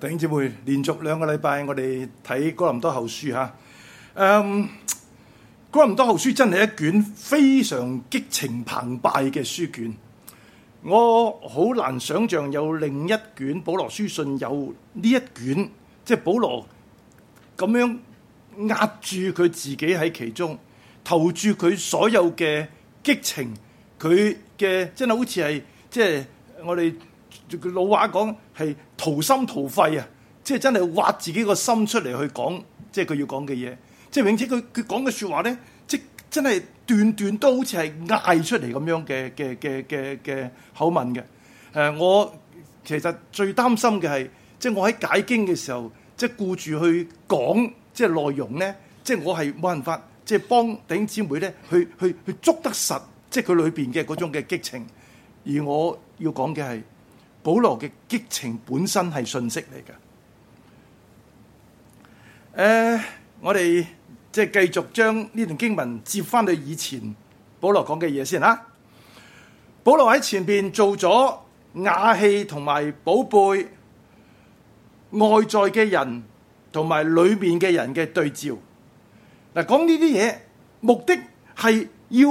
弟兄姊妹，連續兩個禮拜我哋睇《哥林多後書》吓，嗯，《哥林多後書》真係一卷非常激情澎湃嘅書卷。我好難想象有另一卷保羅書信有呢一卷，即係保羅咁樣壓住佢自己喺其中，投注佢所有嘅激情，佢嘅真係好似係即係我哋。佢老話講係掏心掏肺啊，即係真係挖自己個心出嚟去講，即係佢要講嘅嘢。即係永恆，佢佢講嘅説話咧，即真係段段都好似係嗌出嚟咁樣嘅嘅嘅嘅嘅口吻嘅。誒、呃，我其實最擔心嘅係，即係我喺解經嘅時候，即係顧住去講，即係內容咧，即係我係冇辦法即係幫弟兄姊妹咧去去去捉得實，即係佢裏邊嘅嗰種嘅激情。而我要講嘅係。保羅嘅激情本身係信息嚟嘅。誒、uh，我哋即係繼續將呢段經文接翻去以前保羅講嘅嘢先啦。保羅喺前邊做咗瓦器同埋寶貝，外在嘅人同埋裏面嘅人嘅對照。嗱，講呢啲嘢目的係要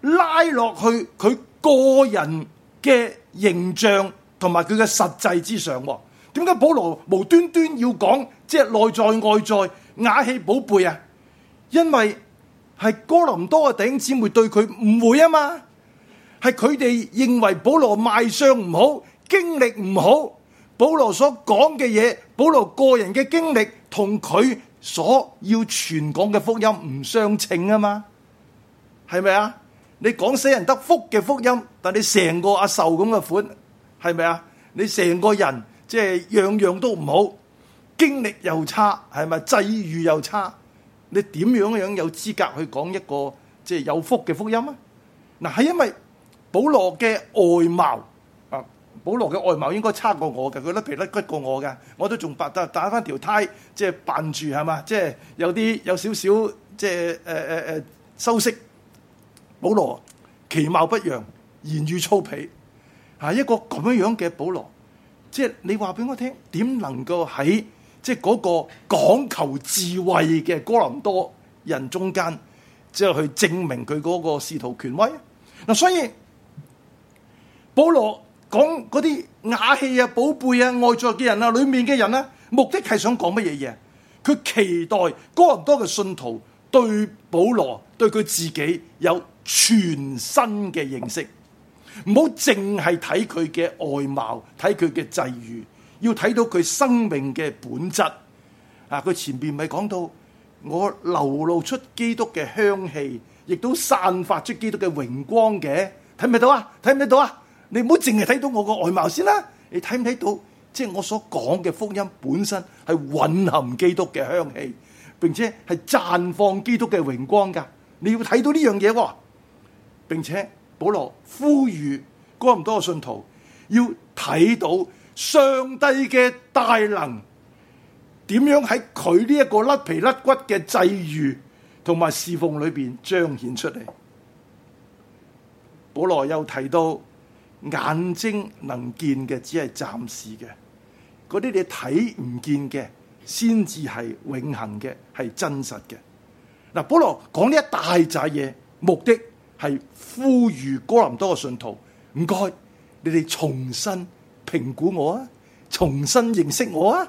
拉落去佢個人嘅形象。同埋佢嘅實際之上，點解保羅無端端要講即係內在外在瓦器寶貝啊？因為係哥林多嘅弟兄姊妹對佢誤會啊嘛，係佢哋認為保羅賣相唔好，經歷唔好，保羅所講嘅嘢，保羅個人嘅經歷同佢所要傳講嘅福音唔相稱啊嘛，係咪啊？你講死人得福嘅福音，但你成個阿壽咁嘅款。係咪啊？你成個人即係、就是、樣樣都唔好，經歷又差，係咪際遇又差？你點樣樣有資格去講一個即係、就是、有福嘅福音啊？嗱，係因為保羅嘅外貌啊，保羅嘅外貌應該差過我嘅，佢甩皮甩骨過我嘅，我都仲白得打翻條呔，即係扮住係嘛，即係、就是、有啲有少少即係誒誒誒修飾。保羅其貌不揚，言語粗鄙。啊！一個咁樣樣嘅保羅，即係你話俾我聽，點能夠喺即係嗰個講求智慧嘅哥林多人中間，即係去證明佢嗰個使徒權威？嗱，所以保羅講嗰啲瓦器啊、寶貝啊、外在嘅人啊、裏面嘅人啊，目的係想講乜嘢嘢？佢期待哥林多嘅信徒對保羅、對佢自己有全新嘅認識。唔好淨係睇佢嘅外貌，睇佢嘅際遇，要睇到佢生命嘅本質。啊，佢前邊咪講到我流露出基督嘅香氣，亦都散發出基督嘅榮光嘅，睇唔睇到啊？睇唔睇到啊？你唔好淨係睇到我個外貌先啦，你睇唔睇到？即係我所講嘅福音本身係蘊含基督嘅香氣，並且係綻放基督嘅榮光噶？你要睇到呢樣嘢，並且。保羅呼籲哥林多嘅信徒，要睇到上帝嘅大能點樣喺佢呢一個甩皮甩骨嘅際遇同埋侍奉裏邊彰顯出嚟。保羅又提到眼睛能見嘅只係暫時嘅，嗰啲你睇唔見嘅先至係永恆嘅，係真實嘅。嗱，保羅講呢一大扎嘢目的。係呼籲哥林多嘅信徒，唔該，你哋重新評估我啊，重新認識我啊，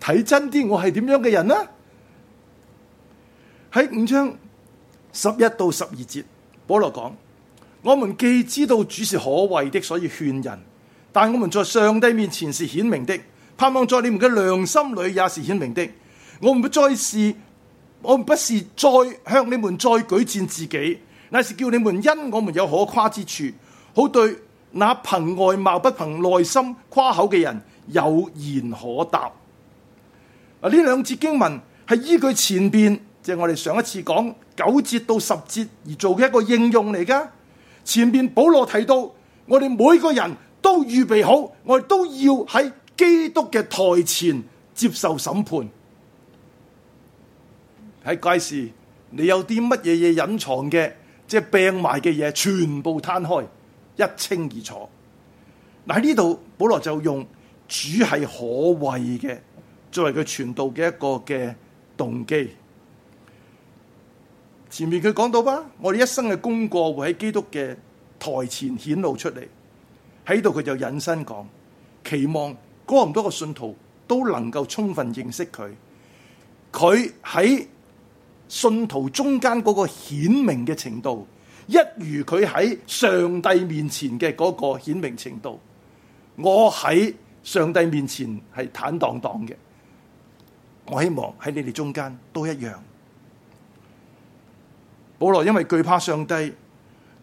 睇真啲我係點樣嘅人呢？喺五章十一到十二節，保羅講：我們既知道主是可畏的，所以勸人；但我們在上帝面前是顯明的，盼望在你們嘅良心裏也是顯明的。我們不再是，我們不是再向你們再舉薦自己。乃是叫你們因我們有可誇之處，好對那憑外貌不憑內心誇口嘅人有言可答。啊！呢兩節經文係依據前邊，即係我哋上一次講九節到十節而做嘅一個應用嚟噶。前邊保羅提到，我哋每個人都預備好，我哋都要喺基督嘅台前接受審判，係解釋你有啲乜嘢嘢隱藏嘅。即係病埋嘅嘢，全部攤開，一清二楚。嗱，喺呢度，保羅就用主係可畏嘅，作為佢傳道嘅一個嘅動機。前面佢講到吧，我哋一生嘅功過會喺基督嘅台前顯露出嚟。喺度佢就引申講，期望嗰咁多個信徒都能夠充分認識佢。佢喺。信徒中間嗰個顯明嘅程度，一如佢喺上帝面前嘅嗰個顯明程度。我喺上帝面前係坦蕩蕩嘅，我希望喺你哋中間都一樣。保羅因為懼怕上帝，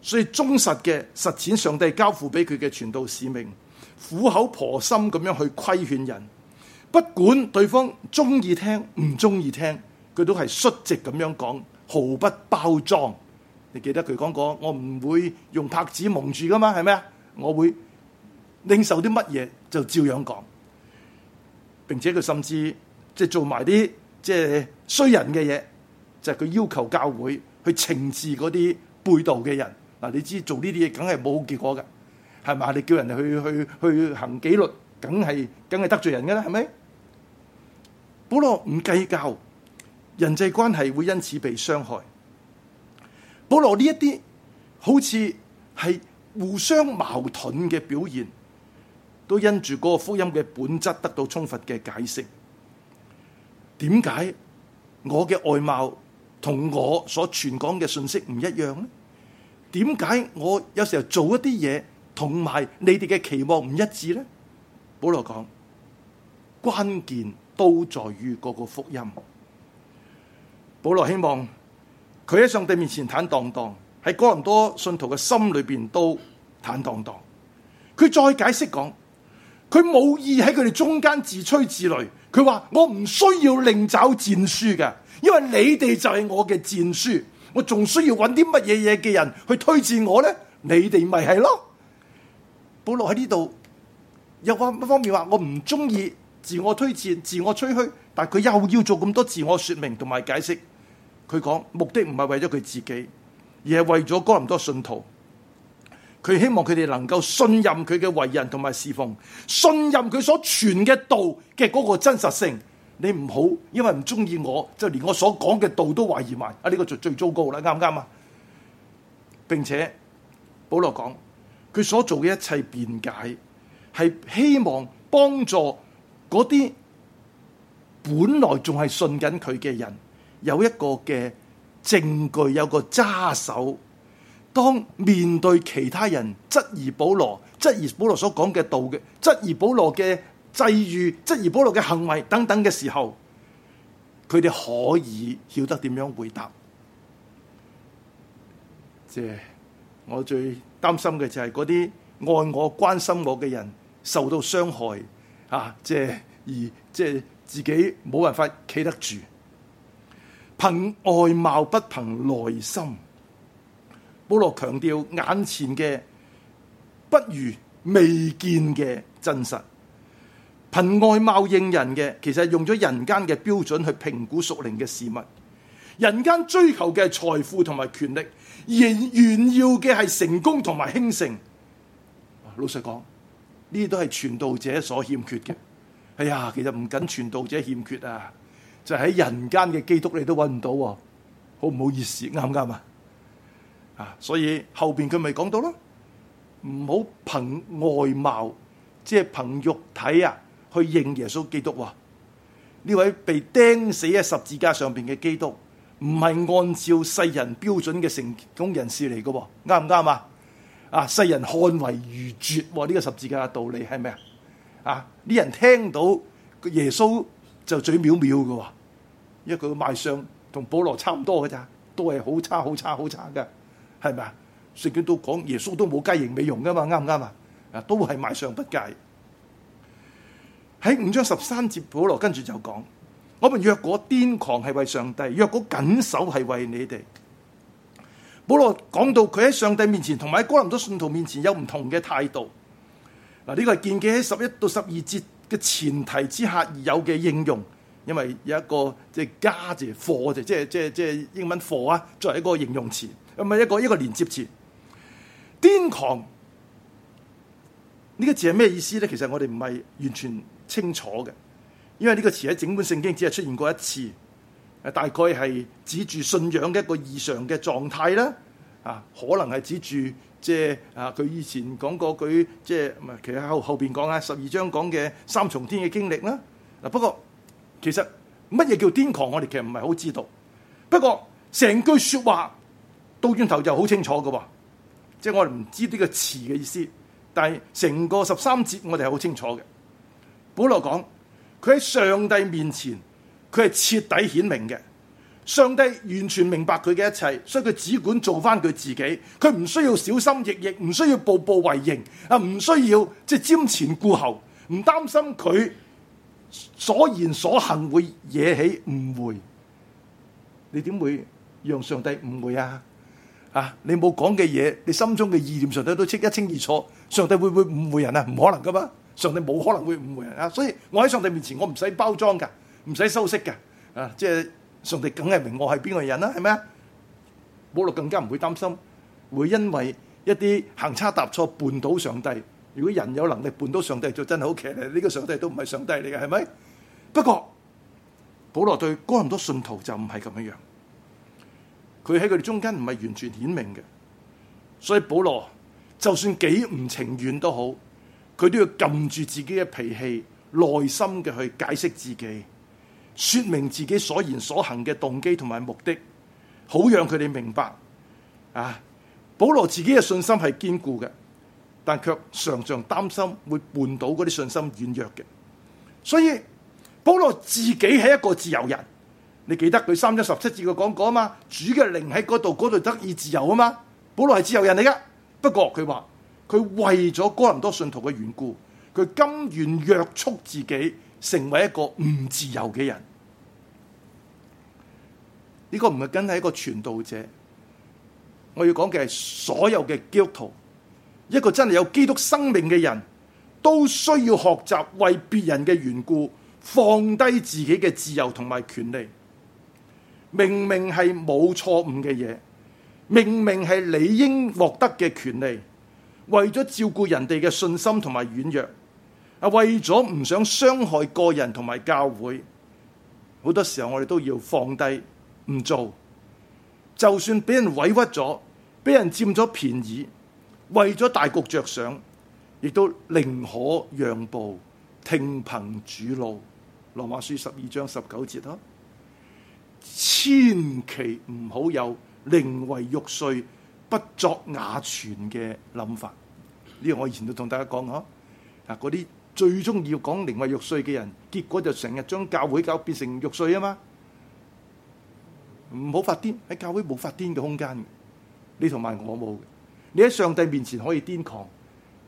所以忠實嘅實踐上帝交付俾佢嘅傳道使命，苦口婆心咁樣去規勸人，不管對方中意聽唔中意聽。不喜歡聽佢都係率直咁樣講，毫不包裝。你記得佢講過，我唔會用帕子蒙住噶嘛，係咪啊？我會領受啲乜嘢就照樣講。並且佢甚至即係做埋啲即係衰人嘅嘢，就係、是、佢要求教會去懲治嗰啲背道嘅人嗱。你知道做呢啲嘢梗係冇結果嘅，係咪啊？你叫人哋去去去行紀律，梗係梗係得罪人㗎啦，係咪？保羅唔計較。人際關係會因此被傷害。保羅呢一啲好似係互相矛盾嘅表現，都因住嗰個福音嘅本質得到充分嘅解釋。點解我嘅外貌同我所傳講嘅信息唔一樣呢？點解我有時候做一啲嘢同埋你哋嘅期望唔一致呢？保羅講，關鍵都在於嗰個福音。保羅希望佢喺上帝面前坦蕩蕩，喺哥林多信徒嘅心裏邊都坦蕩蕩。佢再解釋講，佢冇意喺佢哋中間自吹自擂。佢話我唔需要另找戰書嘅，因為你哋就係我嘅戰書。我仲需要揾啲乜嘢嘢嘅人去推薦我咧？你哋咪係咯？保羅喺呢度又話一方面話我唔中意自我推薦、自我吹噓，但係佢又要做咁多自我說明同埋解釋。佢講目的唔係為咗佢自己，而係為咗哥林多信徒。佢希望佢哋能夠信任佢嘅為人同埋侍奉，信任佢所傳嘅道嘅嗰個真實性。你唔好因為唔中意我，就連我所講嘅道都懷疑埋。啊，呢、呢個就最糟糕啦，啱唔啱啊？並且保羅講佢所做嘅一切辯解，係希望幫助嗰啲本來仲係信緊佢嘅人。有一個嘅證據，有個揸手。當面對其他人質疑保羅、質疑保羅所講嘅道嘅、質疑保羅嘅際遇、質疑保羅嘅行為等等嘅時候，佢哋可以曉得點樣回答。即係我最擔心嘅就係嗰啲愛我、關心我嘅人受到傷害啊！即係而即係自己冇辦法企得住。憑外貌不憑內心，保羅強調眼前嘅不如未見嘅真實。憑外貌認人嘅，其實係用咗人間嘅標準去評估屬靈嘅事物。人間追求嘅係財富同埋權力，仍炫耀嘅係成功同埋興盛。老實講，呢啲都係傳道者所欠缺嘅。哎呀，其實唔僅傳道者欠缺啊。就喺、是、人間嘅基督你都揾唔到喎，哦，好唔好意思？啱唔啱啊？啊，所以後邊佢咪講到咯，唔好憑外貌，即係憑肉體啊，去認耶穌基督，哦。呢位被釘死喺十字架上邊嘅基督，唔係按照世人標準嘅成功人士嚟嘅喎，啱唔啱啊？啊，世人看為愚拙喎，呢、這個十字架嘅道理係咩？啊？啊，啲人聽到耶穌。就嘴藐藐嘅，因為佢嘅賣相同保羅差唔多嘅咋，都係好差好差好差嘅，係咪啊？聖經都講耶穌都冇佳形美容噶嘛，啱唔啱啊？啊，都係賣相不佳。喺五章十三節，保羅跟住就講：我們若果癲狂係為上帝，若果緊守係為你哋。保羅講到佢喺上帝面前，同埋喺哥林多信徒面前有唔同嘅態度。嗱，呢個係建基喺十一到十二節。前提之下而有嘅應用，因為有一個即係加字、for、就、字、是就是，即係即係即係英文 for 啊，作為一個形容詞，咁啊一個一個連接詞。癲狂呢、呢個字係咩意思咧？其實我哋唔係完全清楚嘅，因為呢個詞喺整本聖經只係出現過一次，誒，大概係指住信仰嘅一個異常嘅狀態啦，啊，可能係指住。即係啊，佢以前講過句，即係唔係？其實後後邊講啊，十二章講嘅三重天嘅經歷啦。嗱，不過其實乜嘢叫癲狂，我哋其實唔係好知道。不過成句説話到轉頭就好清楚嘅喎。即係我哋唔知呢個詞嘅意思，但係成個十三節我哋係好清楚嘅。保羅講佢喺上帝面前，佢係徹底顯明嘅。上帝完全明白佢嘅一切，所以佢只管做翻佢自己，佢唔需要小心翼翼，唔需要步步為營啊，唔需要即係瞻前顧後，唔擔心佢所言所行會惹起誤會。你點會讓上帝誤會啊？啊，你冇講嘅嘢，你心中嘅意念，上帝都清一清二楚。上帝會唔會誤會人啊？唔可能噶嘛，上帝冇可能會誤會人啊！所以我喺上帝面前，我唔使包裝噶，唔使修飾嘅啊，即係。上帝梗係明，明我係邊個人啦，係咪啊？保羅更加唔會擔心，會因為一啲行差踏錯絆倒上帝。如果人有能力絆倒上帝，就真係好邪咧！呢、這個上帝都唔係上帝嚟嘅，係咪？不過保羅對哥林多信徒就唔係咁樣樣，佢喺佢哋中間唔係完全顯明嘅，所以保羅就算幾唔情願都好，佢都要撳住自己嘅脾氣，耐心嘅去解釋自己。說明自己所言所行嘅動機同埋目的，好讓佢哋明白。啊，保羅自己嘅信心係堅固嘅，但卻常常擔心會絆倒嗰啲信心軟弱嘅。所以保羅自己係一個自由人。你記得佢三一十七節嘅講過啊嘛？主嘅靈喺嗰度，嗰度得以自由啊嘛？保羅係自由人嚟噶，不過佢話佢為咗哥林多信徒嘅緣故，佢甘願約束自己。成為一個唔自由嘅人，呢、這個唔係僅係一個傳道者，我要講嘅係所有嘅基督徒，一個真係有基督生命嘅人都需要學習為別人嘅緣故放低自己嘅自由同埋權利。明明係冇錯誤嘅嘢，明明係理應獲得嘅權利，為咗照顧人哋嘅信心同埋軟弱。啊，為咗唔想傷害個人同埋教會，好多時候我哋都要放低唔做，就算俾人委屈咗，俾人佔咗便宜，為咗大局着想，亦都寧可讓步，聽憑主路。羅馬書十二章十九節啦，千祈唔好有寧為玉碎不作瓦全嘅諗法。呢、呢個我以前都同大家講過，啊，嗰啲。最中意要講靈為玉碎嘅人，結果就成日將教會教變成玉碎啊嘛！唔好發癲，喺教會冇發癲嘅空間嘅，你同埋我冇。你喺上帝面前可以癲狂，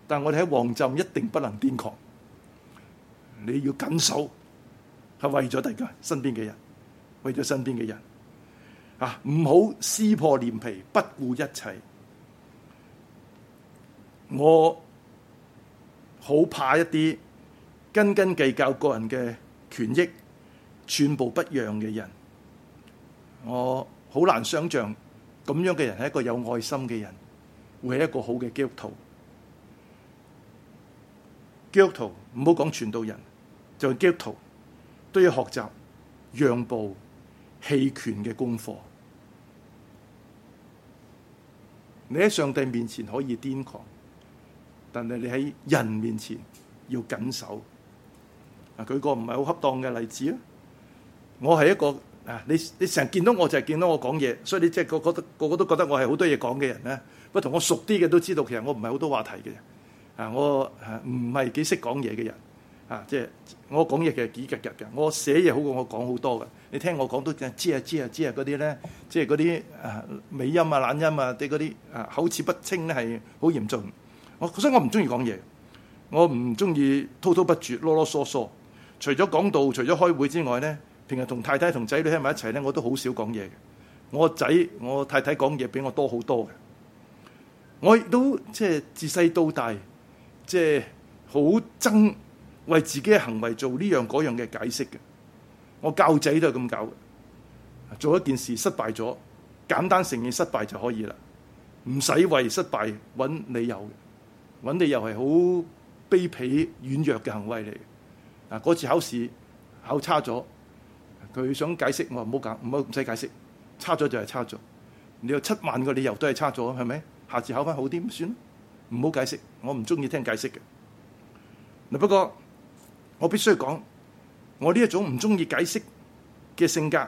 但係我哋喺旺浸一定不能癲狂。你要緊守，係為咗大家身邊嘅人，為咗身邊嘅人啊！唔好撕破臉皮，不顧一切。我。好怕一啲斤斤計較個人嘅權益，寸步不讓嘅人，我好難想象咁樣嘅人係一個有愛心嘅人，會係一個好嘅基督徒。基督徒唔好講傳道人，就基督徒都要學習讓步、棄權嘅功課。你喺上帝面前可以癲狂。但係你喺人面前要緊守啊！舉個唔係好恰當嘅例子啦。我係一個啊，你你成日見到我就係、是、見到我講嘢，所以你即係個個都個個都覺得我係好多嘢講嘅人咧。不同我熟啲嘅都知道，其實我唔係好多話題嘅人啊。我唔係幾識講嘢嘅人啊，即、就、係、是、我講嘢其實幾夾夾嘅。我寫嘢好過我講好多嘅。你聽我講都即係知啊，知啊，知啊嗰啲咧，即係嗰啲啊美音啊、懶音啊，對嗰啲啊口齒不清咧，係好嚴重。我所以我不喜歡，我唔中意講嘢，我唔中意滔滔不絕、囉囉嗦嗦。除咗講道，除咗開會之外咧，平日同太太、同仔女喺埋一齊咧，我都好少講嘢。我個仔、我太太講嘢比我多好多嘅。我亦都即係、就是、自細到大，即係好憎為自己嘅行為做呢樣嗰樣嘅解釋嘅。我教仔都係咁教嘅。做一件事失敗咗，簡單承認失敗就可以啦，唔使為失敗揾理由。揾理由係好卑鄙軟弱嘅行為嚟，嗰次考試考差咗，佢想解釋，我話唔好解釋，差咗就係差咗，你有七萬個理由都係差咗，係咪？下次考翻好啲算啦，唔好解釋，我唔鍾意聽解釋嘅，不過我必須講，我呢種唔鍾意解釋嘅性格，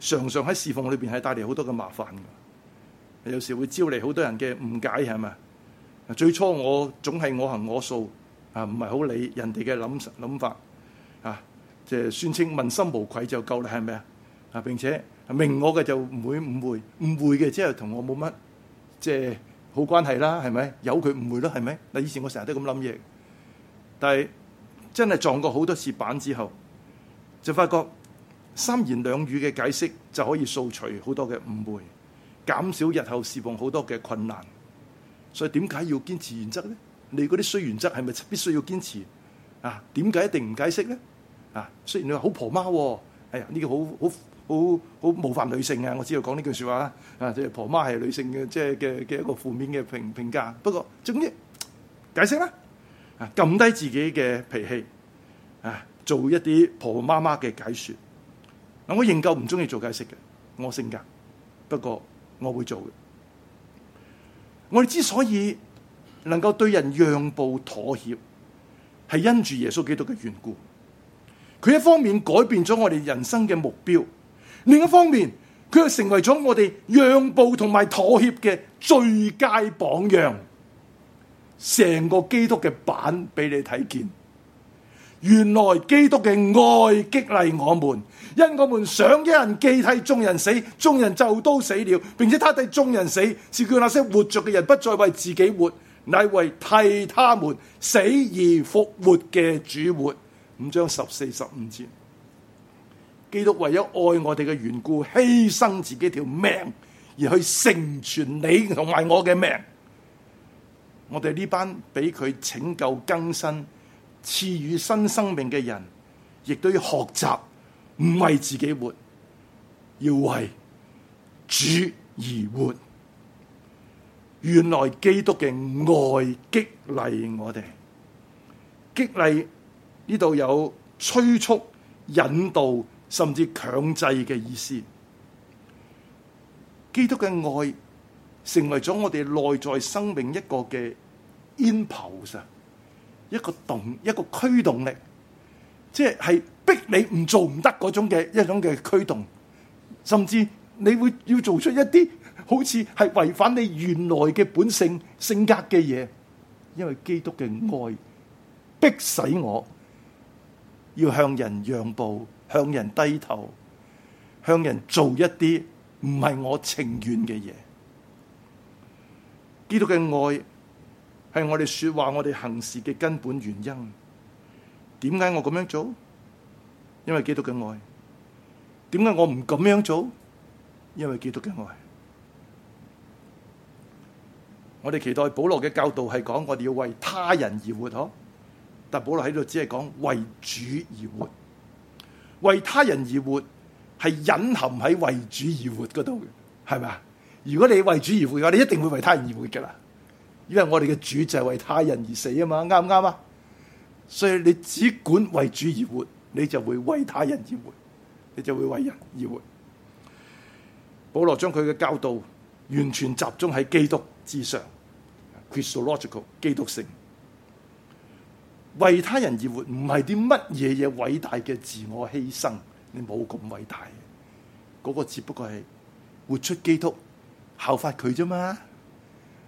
常常喺侍奉裏面係帶嚟好多嘅麻煩嘅，有時候會招嚟好多人嘅誤解係咪？是不是？最初我總係我行我素，啊唔係好理人哋嘅諗諗法，啊即係宣稱問心無愧就夠啦，係咪啊？啊並且明我嘅就唔會誤會，誤會嘅即係同我冇乜即係好關係啦，係咪？由佢誤會咯，係咪？嗱以前我成日都咁諗嘢，但係真係撞過好多次板之後，就發覺三言兩語嘅解釋就可以掃除好多嘅誤會，減少日後侍奉好多嘅困難。所以點解要堅持原則咧？你嗰啲衰原則係咪必須要堅持啊？點解一定唔解釋咧？啊，雖然你話好婆媽喎、啊，哎呀呢、呢個好好好好冒犯女性啊！我知道我講呢句説話啦，啊即係、啊、婆媽係女性嘅即係嘅嘅一個負面嘅評評價。不過總之解釋啦，啊撳低自己嘅脾氣，啊做一啲婆婆媽媽嘅解説。嗱，我仍舊唔中意做解釋嘅，我性格，不過我會做嘅。我哋之所以能夠對人讓步妥協，係因住耶穌基督嘅緣故。佢一方面改變咗我哋人生嘅目標，另一方面，佢又成為咗我哋讓步同埋妥協嘅最佳榜樣。成個基督嘅版俾你睇見。原來基督嘅愛激勵我們，因我們想一人既替眾人死，眾人就都死了，並且他替眾人死，是叫那些活着嘅人不再為自己活，乃為替他們死而復活嘅主活。五章十四十五節，基督為咗愛我哋嘅緣故，犧牲自己條命，而去成全你同埋我嘅命。我哋呢班俾佢拯救更新，賜予新生命嘅人，亦都要學習唔為自己活，要為主而活。原來基督嘅愛激勵我哋，激勵呢度有催促、引導甚至強制嘅意思。基督嘅愛成為咗我哋內在生命一個嘅 impulse 一個動，一個驅動力，即係逼你唔做唔得嗰種嘅一種嘅驅動，甚至你會要做出一啲好似係違反你原來嘅本性性格嘅嘢，因為基督嘅愛逼使我要向人讓步，向人低頭，向人做一啲唔係我情願嘅嘢。基督嘅愛。係我哋說話、我哋行事嘅根本原因。點解我咁樣做？因為基督嘅愛。點解我唔咁樣做？因為基督嘅愛。我哋期待保羅嘅教導係講我哋要為他人而活嗬。但保羅喺度只係講為主而活，為他人而活係隱含喺為主而活嗰度嘅，係咪啊？如果你為主而活嘅話，你一定會為他人而活噶啦。因為我哋嘅主就係為他人而死啊嘛，啱唔啱啊？所以你只管為主而活，你就會為他人而活，你就會為人而活。保羅將佢嘅教導完全集中喺基督之上，Christological，基督性，為他人而活唔係啲乜嘢嘢偉大嘅自我犧牲，你冇咁偉大，嗰個只不過係活出基督，效法佢啫嘛。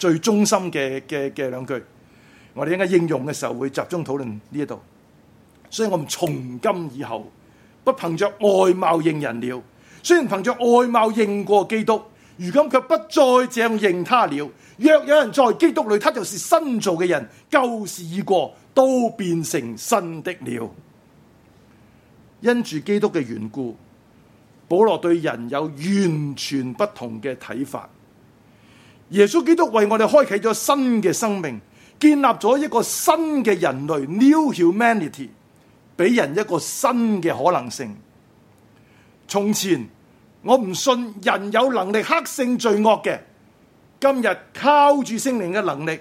最中心嘅嘅嘅兩句，我哋應該應用嘅時候會集中討論呢一度，所以我們從今以後不憑着外貌認人了。雖然憑着外貌認過基督，如今卻不再這樣認他了。若有人在基督裏，他就是新造嘅人，舊事已過，都變成新的了。因住基督嘅緣故，保羅對人有完全不同嘅睇法。耶穌基督為我哋開啟咗新嘅生命，建立咗一個新嘅人類 New Humanity，俾人一個新嘅可能性。從前我唔信人有能力克勝罪惡嘅，今日靠住聖靈嘅能力，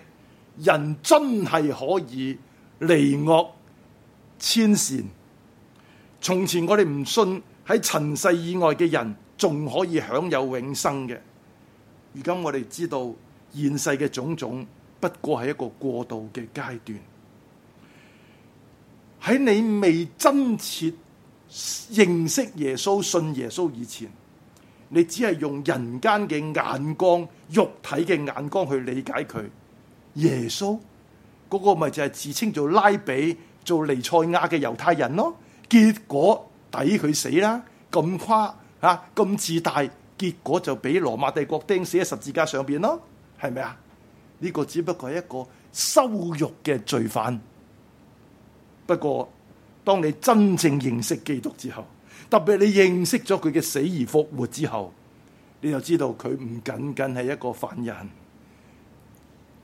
人真係可以離惡遷善。從前我哋唔信喺塵世以外嘅人仲可以享有永生嘅。而今我哋知道現世嘅種種不過係一個過渡嘅階段。喺你未真切認識耶穌、信耶穌以前，你只係用人間嘅眼光、肉體嘅眼光去理解佢。耶穌嗰、那個咪就係自稱做拉比、做彌賽亞嘅猶太人咯？結果抵佢死啦！咁誇啊，咁自大。結果就俾羅馬帝國釘死喺十字架上邊咯，係咪啊？呢個只不過係一個羞辱嘅罪犯。不過，當你真正認識基督之後，特別你認識咗佢嘅死而復活之後，你就知道佢唔僅僅係一個犯人，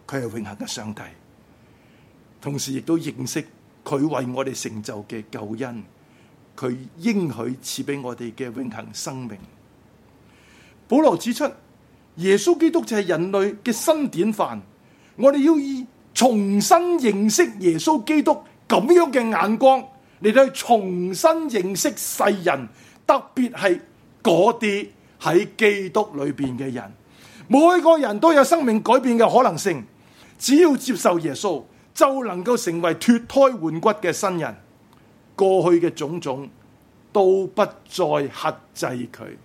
佢係永恆嘅上帝。同時，亦都認識佢為我哋成就嘅救恩，佢應許賜俾我哋嘅永恆生命。保羅指出，耶穌基督就係人類嘅新典範。我哋要以重新認識耶穌基督咁樣嘅眼光，嚟到重新認識世人，特別係嗰啲喺基督裏邊嘅人。每個人都有生命改變嘅可能性，只要接受耶穌，就能夠成為脫胎換骨嘅新人。過去嘅種種都不再克制佢。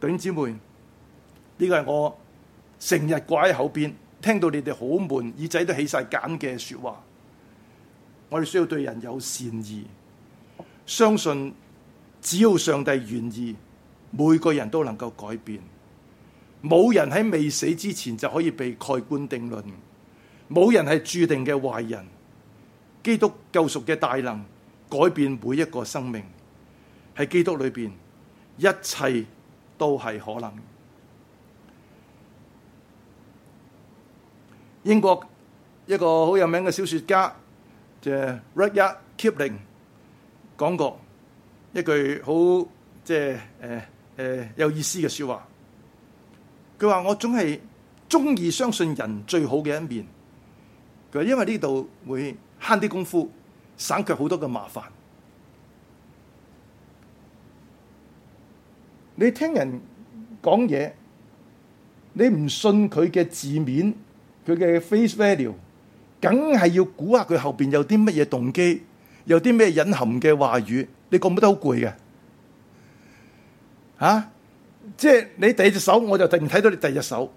弟兄姊妹，呢個係我成日掛喺口邊，聽到你哋好悶，耳仔都起晒繭嘅說話。我哋需要對人有善意，相信只要上帝願意，每個人都能夠改變。冇人喺未死之前就可以被蓋棺定論，冇人係注定嘅壞人。基督救贖嘅大能改變每一個生命，喺基督裏邊，一切，都係可能。英國一個好有名嘅小説家，即係 Rudyard Kipling 講過一句好即係誒誒有意思嘅説話。佢話：我總係鍾意相信人最好嘅一面。佢話因為呢度會慳啲功夫，省卻好多嘅麻煩。你聽人講嘢，你唔信佢嘅字面，佢嘅 face value，梗係要估下佢後邊有啲乜嘢動機，有啲咩隱含嘅話語，你覺唔覺得好攰嘅？啊，即係你第二隻手，我就突然睇到你第二隻手，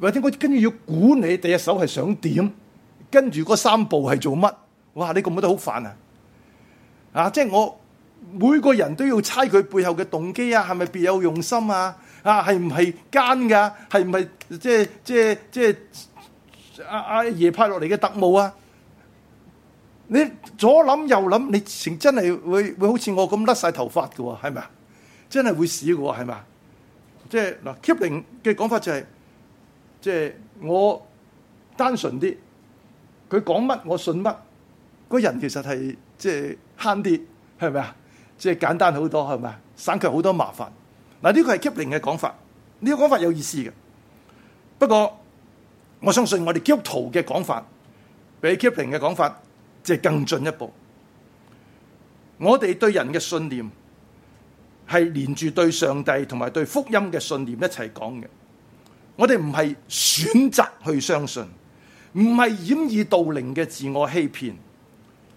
或者我跟住要估你第二隻手係想點，跟住嗰三步係做乜？哇，你覺唔覺得好煩啊？啊，即係我。每個人都要猜佢背後嘅動機啊，係咪別有用心啊？係唔係嘅，係唔係啊，係唔係奸㗎？係唔係即即即阿阿爺派落嚟嘅特務啊？你左諗右諗，你成真係會會好似我咁甩晒頭髮嘅，係咪啊？係咪真係會死嘅，係咪啊？即嗱，keeping 嘅講法就係、即係，即、即係、我單純啲，佢講乜我信乜，個人其實係即慳啲，係咪啊？即係簡單好多係咪？省卻好多麻煩。嗱、這、呢個係 Kipling 嘅講法，呢、這個講法有意思嘅。不過我相信我哋基督徒嘅講法，比 Kipling 嘅講法即係更進一步。我哋對人嘅信念係連住對上帝同埋對福音嘅信念一齊講嘅。我哋唔係選擇去相信，唔係掩耳盜鈴嘅自我欺騙。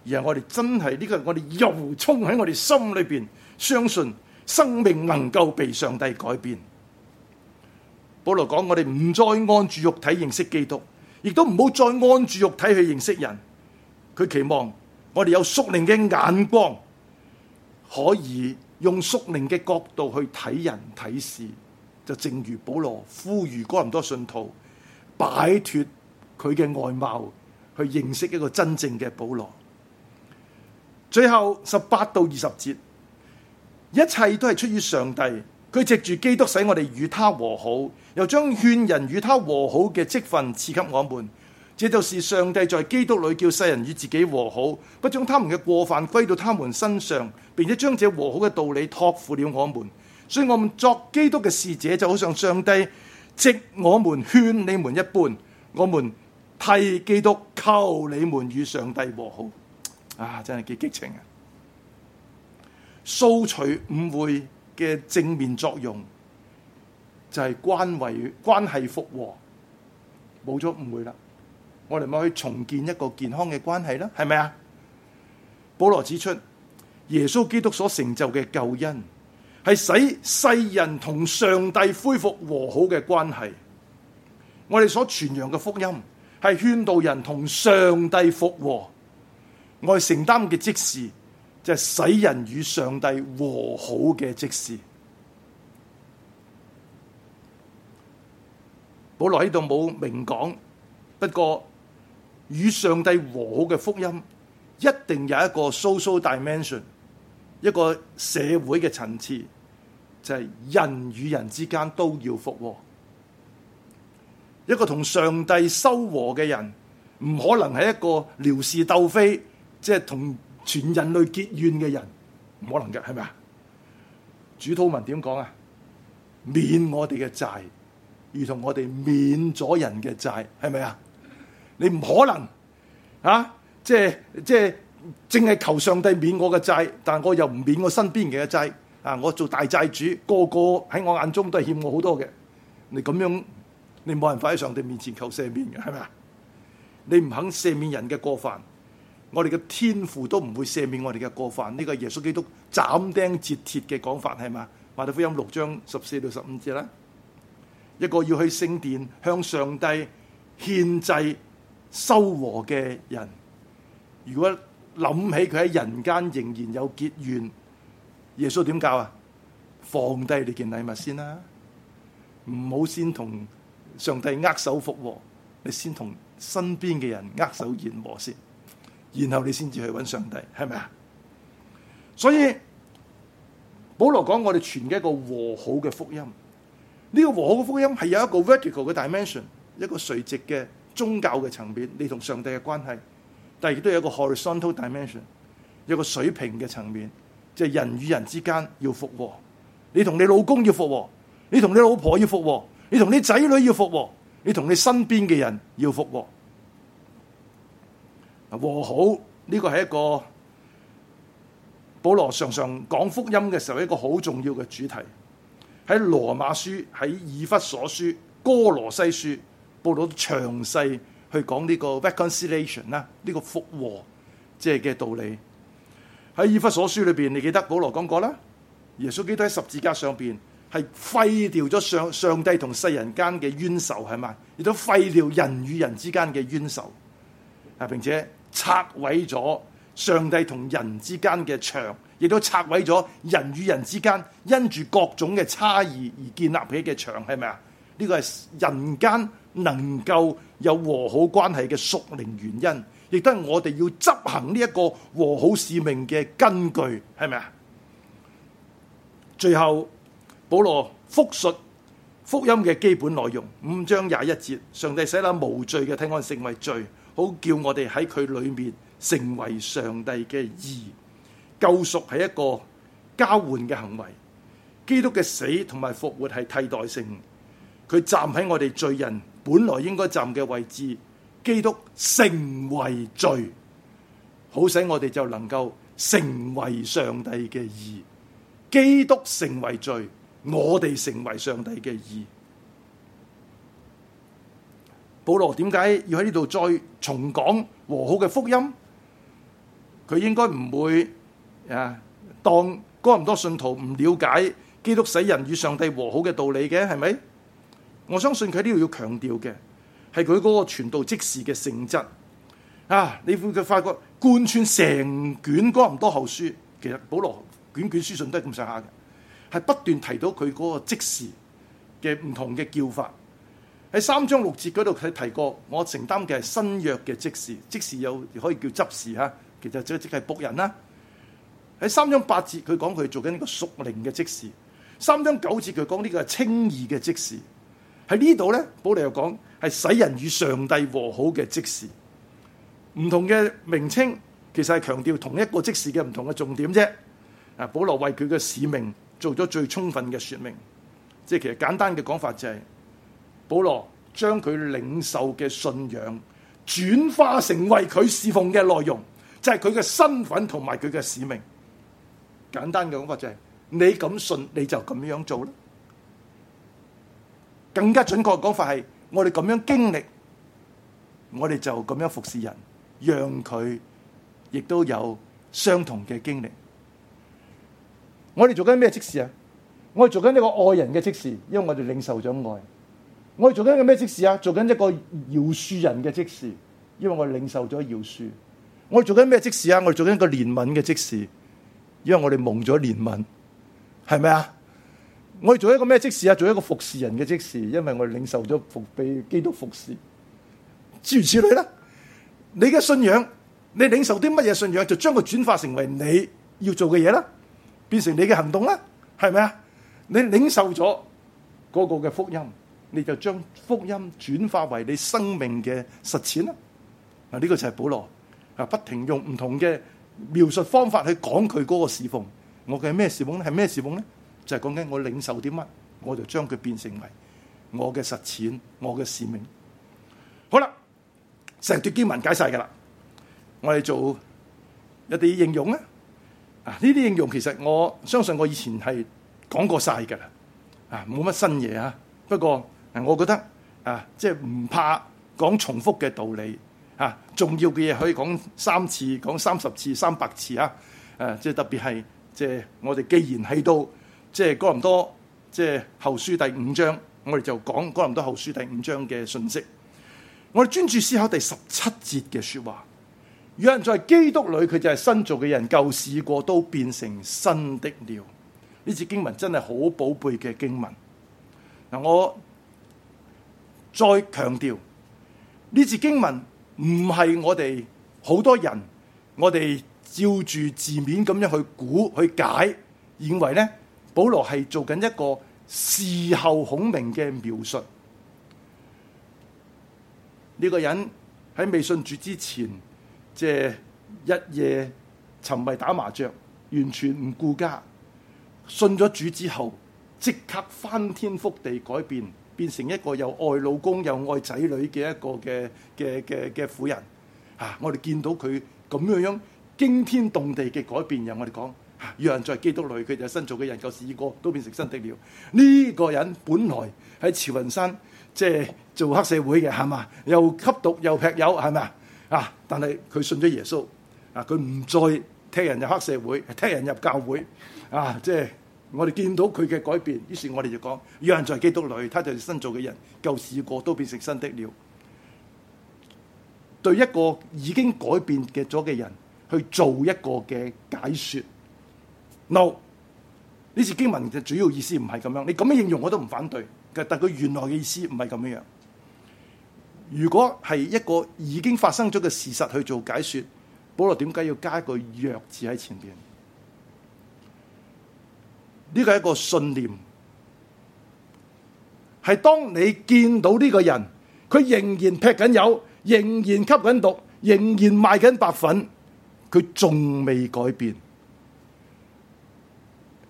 而我哋真係呢、這個，我哋又衝喺我哋心裏邊，相信生命能夠被上帝改變。保羅講：我哋唔再按住肉體認識基督，亦都唔好再按住肉體去認識人。佢期望我哋有屬靈嘅眼光，可以用屬靈嘅角度去睇人睇事。就正如保羅呼籲哥林多信徒擺脫佢嘅外貌，去認識一個真正嘅保羅。最後十八到二十節，一切都係出於上帝。佢藉住基督使我哋與他和好，又將勸人與他和好嘅職分賜給我們。這就是上帝在基督裡叫世人與自己和好，不將他們嘅過犯歸到他們身上，並且將這和好嘅道理託付了我們。所以，我們作基督嘅使者，就好像上帝藉我們勸你們一般，我們替基督求你們與上帝和好。啊！真係幾激情啊！掃除誤會嘅正面作用就係、是、關懷關係復和，冇咗誤會啦。我哋咪可以重建一個健康嘅關係啦，係咪啊？保羅指出，耶穌基督所成就嘅救恩係使世人同上帝恢復和好嘅關係。我哋所傳揚嘅福音係勸導人同上帝復和。我承擔嘅職事就係、是、使人與上帝和好嘅職事。保羅喺度冇明講，不過與上帝和好嘅福音一定有一個 social dimension，一個社會嘅層次，就係、是、人與人之間都要復和。一個同上帝修和嘅人唔可能係一個撩事鬥非。即係同全人類結怨嘅人，唔可能嘅，係咪啊？主吐文主禱文點講啊？免我哋嘅債，如同我哋免咗人嘅債，係咪啊？你唔可能啊！即係即係，淨係求上帝免我嘅債，但我又唔免我身邊嘅債啊！我做大債主，個個喺我眼中都係欠我好多嘅。你咁樣，你冇辦法喺上帝面前求赦免嘅，係咪啊？你唔肯赦免人嘅過犯。我哋嘅天父都唔會赦免我哋嘅過犯，呢、這個耶穌基督斬釘截鐵嘅講法係嘛？馬太福音六章十四到十五節啦，一個要去聖殿向上帝獻祭修和嘅人，如果諗起佢喺人間仍然有結怨，耶穌點教啊？放低你件禮物先啦，唔好先同上帝握手復和，你先同身邊嘅人握手言和先。然後你先至去揾上帝，係咪啊？所以保羅講我哋傳嘅一個和好嘅福音，呢個和好嘅福音係有一個 vertical 嘅 dimension，一個垂直嘅宗教嘅層面，你同上帝嘅關係，但亦都有一個 horizontal dimension，有一個水平嘅層面，即係人與人之間要復和，你同你老公要復和，你同你老婆要復和，你同你仔女要復和，你同你身邊嘅人要復和。和好，呢個係一個保羅常常講福音嘅時候一個好重要嘅主題。喺羅馬書、喺以弗所書、哥羅西書，保羅都詳細去講呢個 reconciliation 啦，呢個復和即係嘅道理。喺以弗所書裏邊，你記得保羅講過啦，耶穌基督喺十字架上邊係廢掉咗上上帝同世人間嘅冤仇，係咪？亦都廢掉人與人之間嘅冤仇，啊！並且拆毀咗上帝同人之間嘅牆，亦都拆毀咗人與人之間因住各種嘅差異而建立起嘅牆，係咪啊？呢、這個係人間能夠有和好關係嘅屬靈原因，亦都係我哋要執行呢一個和好使命嘅根據，係咪啊？最後，保羅複述福音嘅基本內容，五章廿一節，上帝寫咗無罪嘅，替我成為罪。好叫我哋喺佢裏面成為上帝嘅義。救贖係一個交換嘅行為。基督嘅死同埋復活係替代性，佢站喺我哋罪人本來應該站嘅位置。基督成為罪，好使我哋就能夠成為上帝嘅義。基督成為罪，我哋成為上帝嘅義。保羅點解要喺呢度再重講和好嘅福音？佢應該唔會啊，當嗰咁多信徒唔了解基督使人與上帝和好嘅道理嘅，係咪？我相信佢呢度要強調嘅係佢嗰個傳道即時嘅性質。啊，你會唔會發覺貫穿成卷哥林多後書，其實保羅卷卷書信都係咁上下嘅，係不斷提到佢嗰個即時嘅唔同嘅叫法。喺三章六節嗰度佢提過，我承擔嘅係新約嘅職事，職事又可以叫執事吓，其實即係即係僕人啦。喺三章八節佢講佢做緊呢個屬靈嘅職事，三章九節佢講呢個係稱義嘅職事。喺呢度咧，保羅又講係使人與上帝和好嘅職事。唔同嘅名稱，其實係強調同一個職事嘅唔同嘅重點啫。啊，保羅為佢嘅使命做咗最充分嘅說明，即係其實簡單嘅講法就係、是。保羅將佢領受嘅信仰轉化成為佢侍奉嘅內容，就係佢嘅身份同埋佢嘅使命。簡單嘅講法就係、是：你咁信，你就咁樣做啦。更加準確講法係：我哋咁樣經歷，我哋就咁樣服侍人，讓佢亦都有相同嘅經歷。 我哋做緊咩職事啊？我哋做緊呢個愛人嘅職事，因為我哋領受咗愛。我哋做緊一個咩職事啊？做緊一個搖樹人嘅職事，因為我領受咗饒恕。我哋做緊咩職事啊？我哋做緊一個憐憫嘅職事，因為我哋蒙咗憐憫，係咪啊？我哋做一個咩職事啊？做緊一個服侍人嘅職事，因為我哋領受咗服俾基督服侍。諸如此類啦。你嘅信仰，你領受啲乜嘢信仰，就將佢轉化成為你要做嘅嘢啦，變成你嘅行動啦，係咪啊？你領受咗嗰個嘅福音，你就將福音轉化為你生命嘅實踐啦！嗱，呢個就係保羅啊，不停用唔同嘅描述方法去講佢嗰個侍奉。我嘅咩侍奉咧？係咩侍奉咧？就係講緊我領受啲乜，我就將佢變成為我嘅實踐，我嘅使命。好啦，成段經文解晒噶啦，我哋做一啲應用啊！啊，呢啲應用其實我相信我以前係講過晒噶啦，啊，冇乜新嘢啊，不過～我覺得啊，即係唔怕講重複嘅道理嚇、啊，重要嘅嘢可以講三次、講三十次、三百次啊！誒，即係特別係即係我哋既然喺到即係哥林多即係後書第五章，我哋就講哥林多後書第五章嘅信息。我哋專注思考第十七節嘅説話。有人在基督裏，佢就係新造嘅人，舊事過都變成新的了。呢節經文真係好寶貝嘅經文。嗱、啊，我。再強調呢次經文唔係我哋好多人，我哋照住字面咁樣去估去解，認為咧，保羅係做緊一個事後孔明嘅描述。呢個人喺未信主之前，即係一夜沉迷打麻將，完全唔顧家。信咗主之後，即刻翻天覆地改變。變成一個又愛老公又愛仔女嘅一個嘅嘅嘅嘅婦人，吓我哋見到佢咁樣樣驚天動地嘅改變，由我哋講，有人在基督裏，佢就新造嘅人，舊事已過，都變成新的了。呢個人本來喺慈雲山即係做黑社會嘅，係嘛，又吸毒又劈友，係咪啊？但係佢信咗耶穌啊，佢唔再踢人入黑社會，踢人入教會啊，即係。我哋見到佢嘅改變，於是我們就，我哋就講：若有人在基督裏，他就係新造嘅人；舊事過都變成新的了。對一個已經改變嘅咗嘅人去做一個嘅解説，no，呢次經文嘅主要意思唔係咁樣。你咁樣應用我都唔反對，但佢原來嘅意思唔係咁樣。如果係一個已經發生咗嘅事實去做解説，保羅點解要加一個若字喺前邊？呢個係一個信念，係當你見到呢個人，佢仍然劈緊油，仍然吸緊毒，仍然賣緊白粉，佢仲未改變。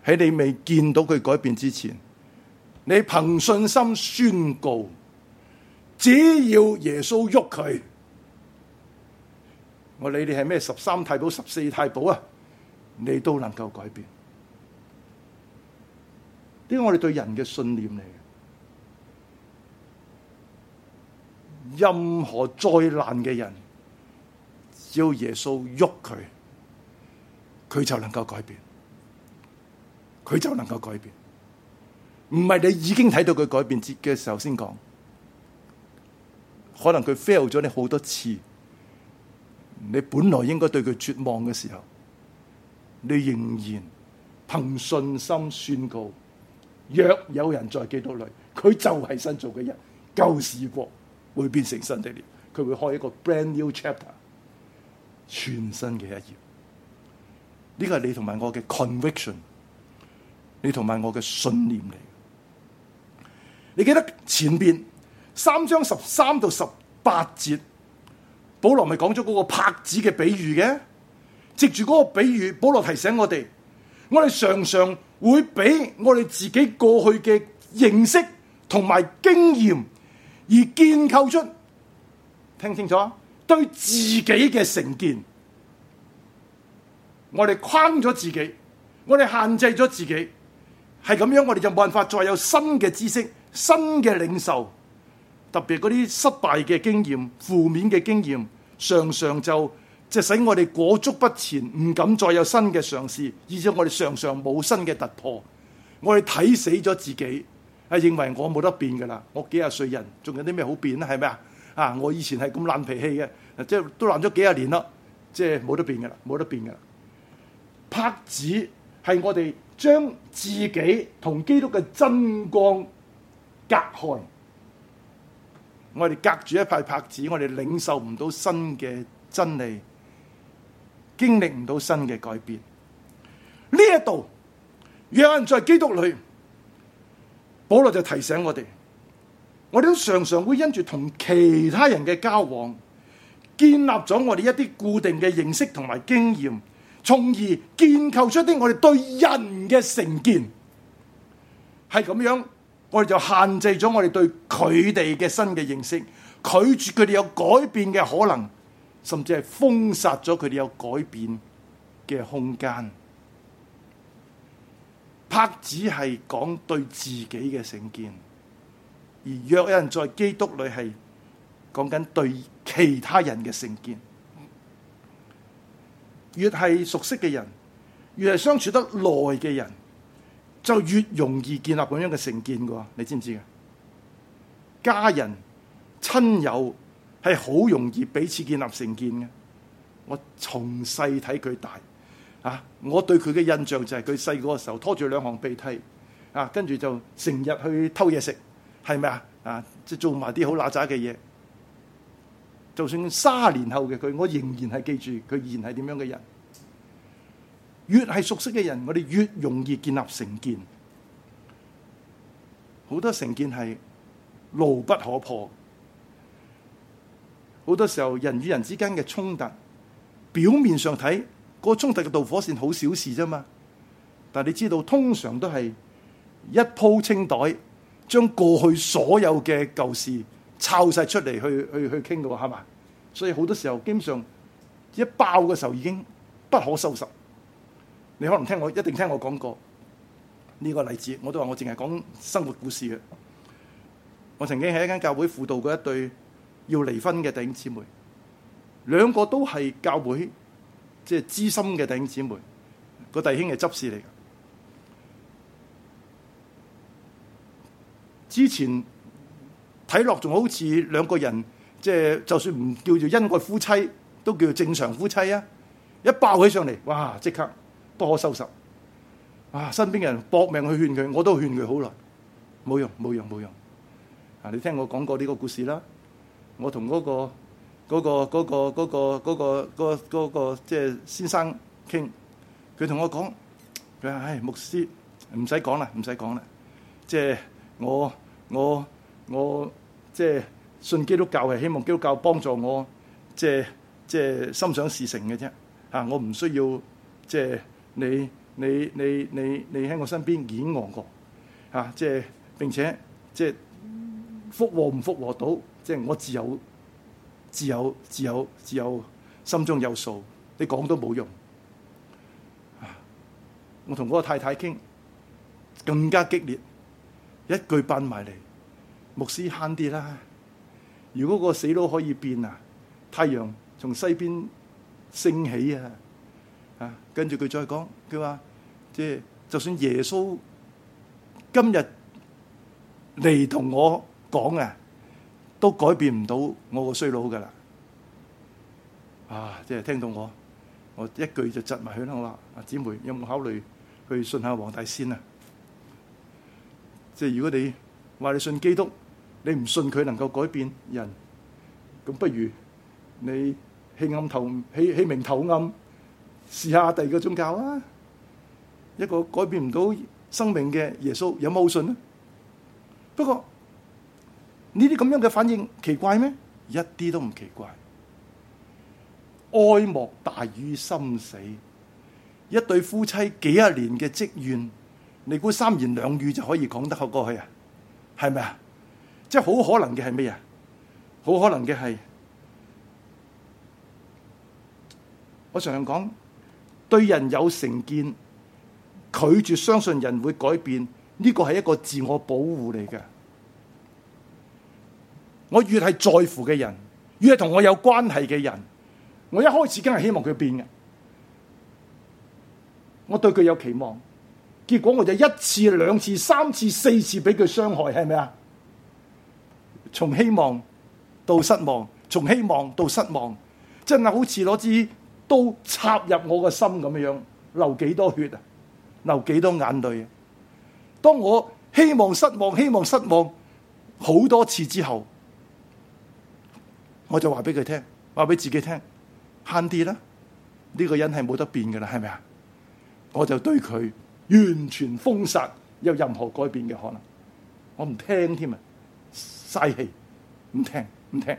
喺你未見到佢改變之前，你憑信心宣告，只要耶穌喐佢，我理你係咩十三太保、十四太保啊，你都能夠改變。啲我哋對人嘅信念嚟嘅，任何再難嘅人，只要耶穌喐佢，佢就能夠改變，佢就能夠改變。唔係你已經睇到佢改變嘅時候先講，可能佢 fail 咗你好多次，你本來應該對佢絕望嘅時候，你仍然憑信心宣告。若有人在基督裏，佢就係新造嘅人。舊事過會變成新地了，佢會開一個 brand new chapter，全新嘅一頁。呢個係你同埋我嘅 conviction，你同埋我嘅信念嚟。你記得前邊三章十三到十八節，保羅咪講咗嗰個帕子嘅比喻嘅？接住嗰個比喻，保羅提醒我哋，我哋常常。會俾我哋自己過去嘅認識同埋經驗而建構出，聽清楚，對自己嘅成見，我哋框咗自己，我哋限制咗自己。係咁樣，我哋就冇辦法再有新嘅知識、新嘅領袖，特別嗰啲失敗嘅經驗、負面嘅經驗，常常就。即係使我哋裹足不前，唔敢再有新嘅嘗試，而且我哋常常冇新嘅突破。我哋睇死咗自己，係認為我冇得變噶啦。我幾十歲人，仲有啲咩好變呢？係咪啊？啊！我以前係咁爛脾氣嘅，即係都爛咗幾十年咯，即係冇得變噶啦，冇得變噶啦。拍子係我哋將自己同基督嘅真光隔開，我哋隔住一塊拍子，我哋領受唔到新嘅真理。經歷唔到新嘅改變，呢一度若有人在基督裏，保羅就提醒我哋：我哋都常常會因住同其他人嘅交往，建立咗我哋一啲固定嘅認識同埋經驗，從而建構出啲我哋對人嘅成見，係咁樣，我哋就限制咗我哋對佢哋嘅新嘅認識，拒絕佢哋有改變嘅可能。甚至係封殺咗佢哋有改變嘅空間。柏子係講對自己嘅成見，而若有人在基督裏係講緊對其他人嘅成見。越係熟悉嘅人，越係相處得耐嘅人，就越容易建立咁樣嘅成見噶。你知唔知？家人、親友。係好容易彼此建立成見嘅。我從細睇佢大，啊，我對佢嘅印象就係佢細個嘅時候拖住兩行鼻涕，啊，跟住就成日去偷嘢食，係咪啊？啊，即係做埋啲好乸渣嘅嘢。就算三十年後嘅佢，我仍然係記住佢依然係點樣嘅人。越係熟悉嘅人，我哋越容易建立成見。好多成見係牢不可破。好多時候人與人之間嘅衝突，表面上睇個衝突嘅導火線好小事啫嘛，但係你知道通常都係一鋪清袋，將過去所有嘅舊事抄晒出嚟去去去傾嘅喎，係嘛？所以好多時候基本上一爆嘅時候已經不可收拾。你可能聽我一定聽我講過呢個例子，我都話我淨係講生活故事嘅。我曾經喺一間教會輔導過一對要離婚嘅弟兄姊妹，兩個都係教會，即係資深嘅弟兄姊妹。個弟兄係執事嚟嘅，之前睇落仲好似兩個人，即係就算唔叫做恩愛夫妻，都叫做正常夫妻啊。一爆起上嚟，哇！即刻不可收拾啊！身邊嘅人搏命去勸佢，我都勸佢好耐，冇用冇用冇用啊！你聽我講過呢個故事啦。我同嗰個嗰個嗰個嗰個嗰個嗰嗰個即係先生傾，佢同我講：佢話唉，牧師唔使講啦，唔使講啦。即係我我我即係信基督教係希望基督教幫助我，即係即係心想事成嘅啫。嚇，我唔需要即係你你你你你喺我身邊演我嚇。即係並且即係復和唔復和到。即係我自有、自有、自有、自有，心中有數。你講都冇用。我同嗰個太太傾更加激烈，一句扮埋嚟。牧師慳啲啦。如果個死佬可以變啊，太陽從西邊升起啊！啊，跟住佢再講，佢話即係就算耶穌今日嚟同我講啊。都改變唔到我個衰佬㗎啦！啊，即係聽到我，我一句就窒埋去啦。我話：姊妹有冇考慮去信下黃大仙啊？即係如果你話你信基督，你唔信佢能夠改變人，咁不如你棄暗投棄棄明投暗，試下第二個宗教啊！一個改變唔到生命嘅耶穌，有冇好信呢？不過。呢啲咁樣嘅反應奇怪咩？一啲都唔奇怪。哀莫大於心死，一對夫妻幾十年嘅積怨，你估三言兩語就可以講得過過去啊？係咪啊？即係好可能嘅係咩啊？好可能嘅係，我常常講對人有成見，拒絕相信人會改變，呢個係一個自我保護嚟嘅。我越係在乎嘅人，越係同我有關係嘅人，我一開始梗係希望佢變嘅，我對佢有期望。結果我就一次、兩次、三次、四次俾佢傷害，係咪啊？從希望到失望，從希望到失望，真係好似攞支刀插入我個心咁樣樣，流幾多血啊，流幾多眼淚啊！當我希望、失望、希望、失望好多次之後。我就話俾佢聽，話俾自己聽，慳啲啦。呢個人係冇得變噶啦，係咪啊？我就對佢完全封殺，有任何改變嘅可能，我唔聽添啊，嘥氣，唔聽唔聽，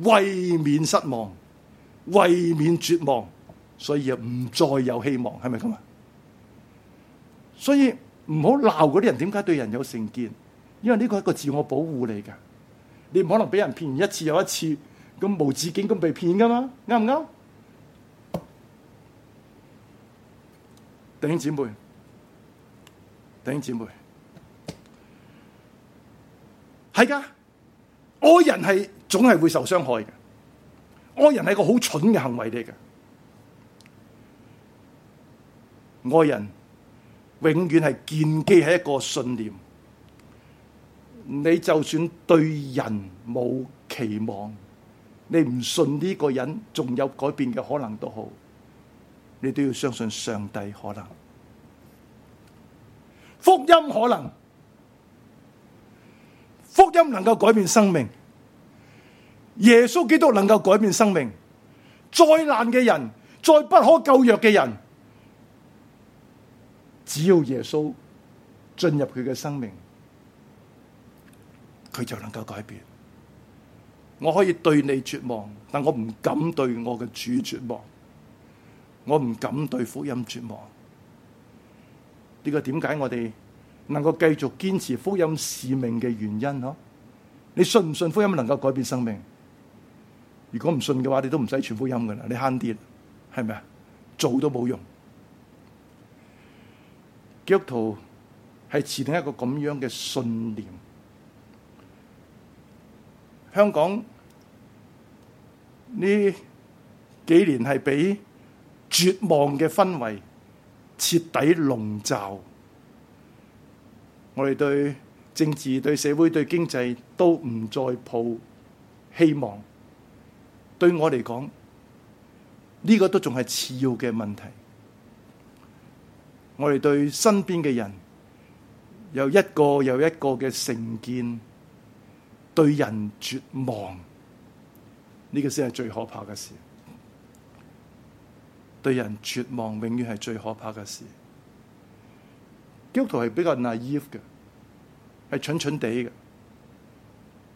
為免失望，為免絕望，所以啊，唔再有希望，係咪咁啊？所以唔好鬧嗰啲人，點解對人有成見？因為呢個係一個自我保護嚟噶。你唔可能俾人騙完一次又一次咁無止境咁被騙噶嘛？啱唔啱？弟兄姊妹，弟兄姊妹，係噶，愛人係總係會受傷害嘅，愛人係個好蠢嘅行為嚟嘅，愛人永遠係建基喺一個信念。你就算對人冇期望，你唔信呢個人仲有改變嘅可能都好，你都要相信上帝可能，福音可能，福音能夠改變生命，耶穌基督能夠改變生命，再難嘅人，再不可救藥嘅人，只要耶穌進入佢嘅生命，佢就能夠改變。我可以對你絕望，但我唔敢對我嘅主絕望。我唔敢對福音絕望。呢個點解我哋能夠繼續堅持福音使命嘅原因。嗬，你信唔信福音能夠改變生命？如果唔信嘅話，你都唔使傳福音㗎喇，你慳啲，係咪啊？做都冇用。基督徒係持定一個咁樣嘅信念。香港呢幾年係俾絕望嘅氛圍徹底籠罩，我哋對政治、對社會、對經濟都唔再抱希望。對我嚟講，呢個都仲係次要嘅問題。我哋對身邊嘅人有一個又一個嘅成見。對人絕望呢個先係最可怕嘅事。對人絕望永遠係最可怕嘅事。基督徒係比較 naive 嘅，係蠢蠢地嘅。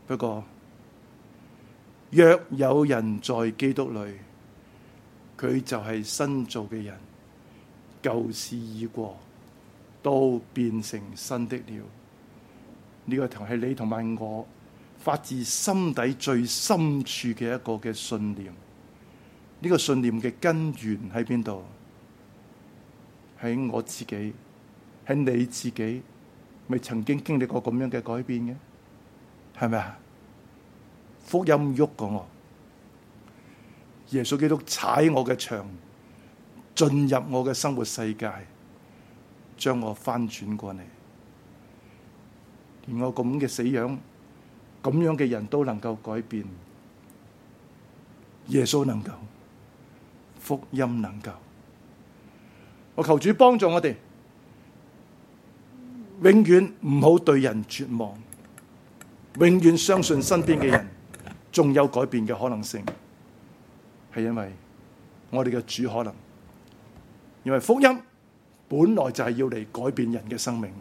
不過若有人在基督裏，佢就係新造嘅人，舊事已過，都變成新的了。呢個同係你同埋我。發自心底最深處嘅一個嘅信念，呢個信念嘅根源喺邊度？喺我自己，喺你自己。咪曾經經歷過噉樣嘅改變嘅，係咪啊？福音喐過我，耶穌基督踩我嘅牆，進入我嘅生活世界，將我翻轉過嚟，連我噉嘅死樣咁樣嘅人都能夠改變，耶穌能夠，福音能夠，我求主幫助我哋，永遠唔好對人絕望，永遠相信身邊嘅人仲有改變嘅可能性，係因為我哋嘅主可能，因為福音本來就係要嚟改變人嘅生命。